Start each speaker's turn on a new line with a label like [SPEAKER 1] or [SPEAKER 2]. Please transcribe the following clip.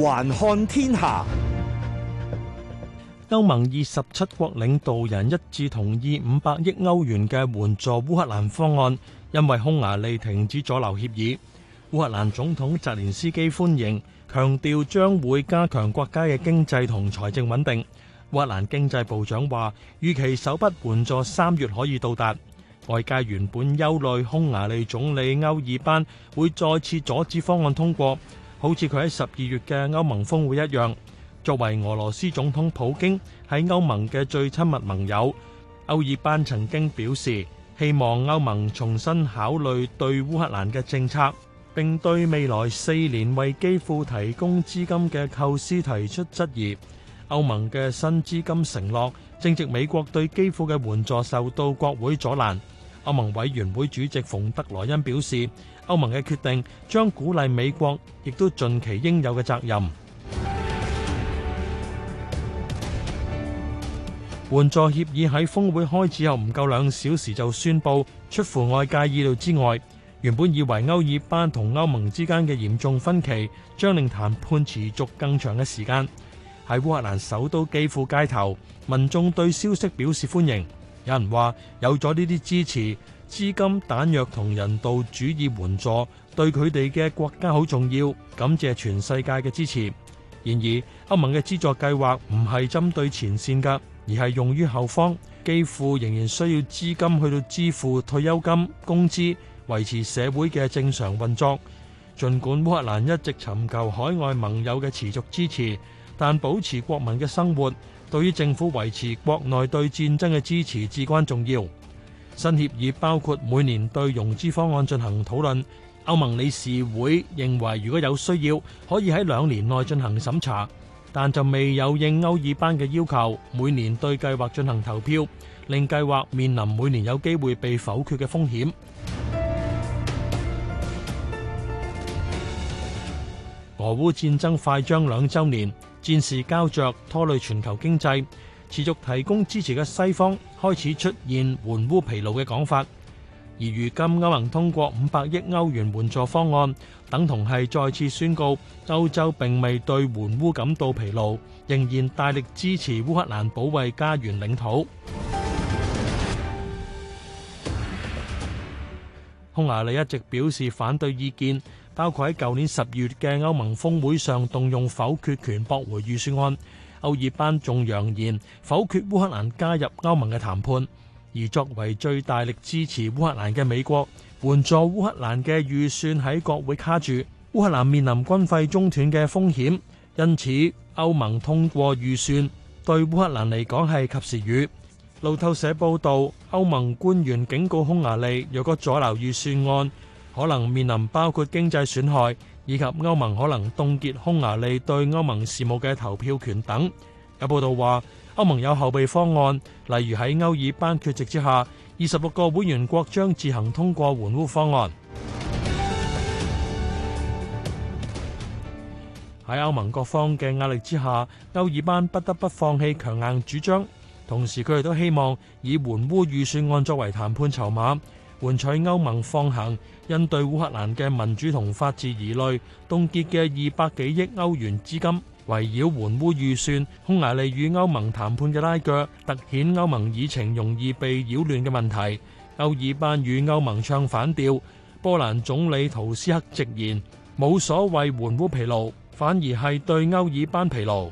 [SPEAKER 1] 環看天下，歐盟二十七國領導人一致同意五百億歐元嘅援助烏克蘭方案，因為匈牙利停止阻留協議。烏克蘭總統澤連斯基歡迎，強調將會加強國家嘅經濟同財政穩定。烏克蘭經濟部長話，預期首筆援助三月可以到達。外界原本憂慮匈牙利總理歐爾班會再次阻止方案通過。好似佢喺十二月嘅歐盟峰會一樣，作為俄羅斯總統普京喺歐盟嘅最親密盟友，歐爾班曾經表示希望歐盟重新考慮對烏克蘭嘅政策，並對未來四年為基輔提供資金嘅構思提出質疑。歐盟嘅新資金承諾正值美國對基輔嘅援助受到國會阻攔。歐盟委員會主席馮德萊恩表示，歐盟嘅決定將鼓勵美國，亦都盡其應有嘅責任。援助協議喺峰會開始後唔夠兩小時就宣佈，出乎外界意料之外。原本以為歐爾班同歐盟之間嘅嚴重分歧，將令談判持續更長嘅時間。喺烏克蘭首都基輔街頭，民眾對消息表示歡迎。有人話有咗呢啲支持，資金彈藥同人道主義援助，對佢哋嘅國家好重要。感謝全世界嘅支持。然而，歐盟嘅資助計劃唔係針對前線㗎，而係用於後方，基輔仍然需要資金去到支付退休金、工資，維持社會嘅正常運作。儘管烏克蘭一直尋求海外盟友嘅持續支持。但保持國民嘅生活，對於政府維持國內對戰爭嘅支持至關重要。新協議包括每年對融資方案進行討論。歐盟理事會認為，如果有需要，可以喺兩年內進行審查，但就未有應歐爾班嘅要求，每年對計劃進行投票，令計劃面臨每年有機會被否決嘅風險。俄烏戰爭快將兩周年。戰事膠著拖累全球經濟，持續提供支持嘅西方開始出現援烏疲勞嘅講法。而如今歐盟通過五百億歐元援助方案，等同係再次宣告歐洲並未對援烏感到疲勞，仍然大力支持烏克蘭保衛家園領土。匈牙利一直表示反對意見。包括喺舊年十月嘅歐盟峰會上動用否決權駁回預算案，歐爾班仲揚言否決烏克蘭加入歐盟嘅談判。而作為最大力支持烏克蘭嘅美國，援助烏克蘭嘅預算喺國會卡住，烏克蘭面臨軍費中斷嘅風險。因此，歐盟通過預算對烏克蘭嚟講係及時雨。路透社報導，歐盟官員警告匈牙利若果阻撓預算案。可能面臨包括經濟損害以及歐盟可能凍結匈牙利對歐盟事務嘅投票權等。有報道話，歐盟有後備方案，例如喺歐爾班缺席之下，二十六個會員國將自行通過援烏方案。喺歐盟各方嘅壓力之下，歐爾班不得不放棄強硬主張，同時佢哋都希望以援烏預算案作為談判籌碼。換取歐盟放行，因對烏克蘭嘅民主同法治疑慮，凍結嘅二百幾億歐元資金。圍繞援烏預算，匈牙利與歐盟談判嘅拉鋸，凸顯歐盟議程容易被擾亂嘅問題。歐爾班與歐盟唱反調，波蘭總理圖斯克直言：冇所謂援烏疲勞，反而係對歐爾班疲勞。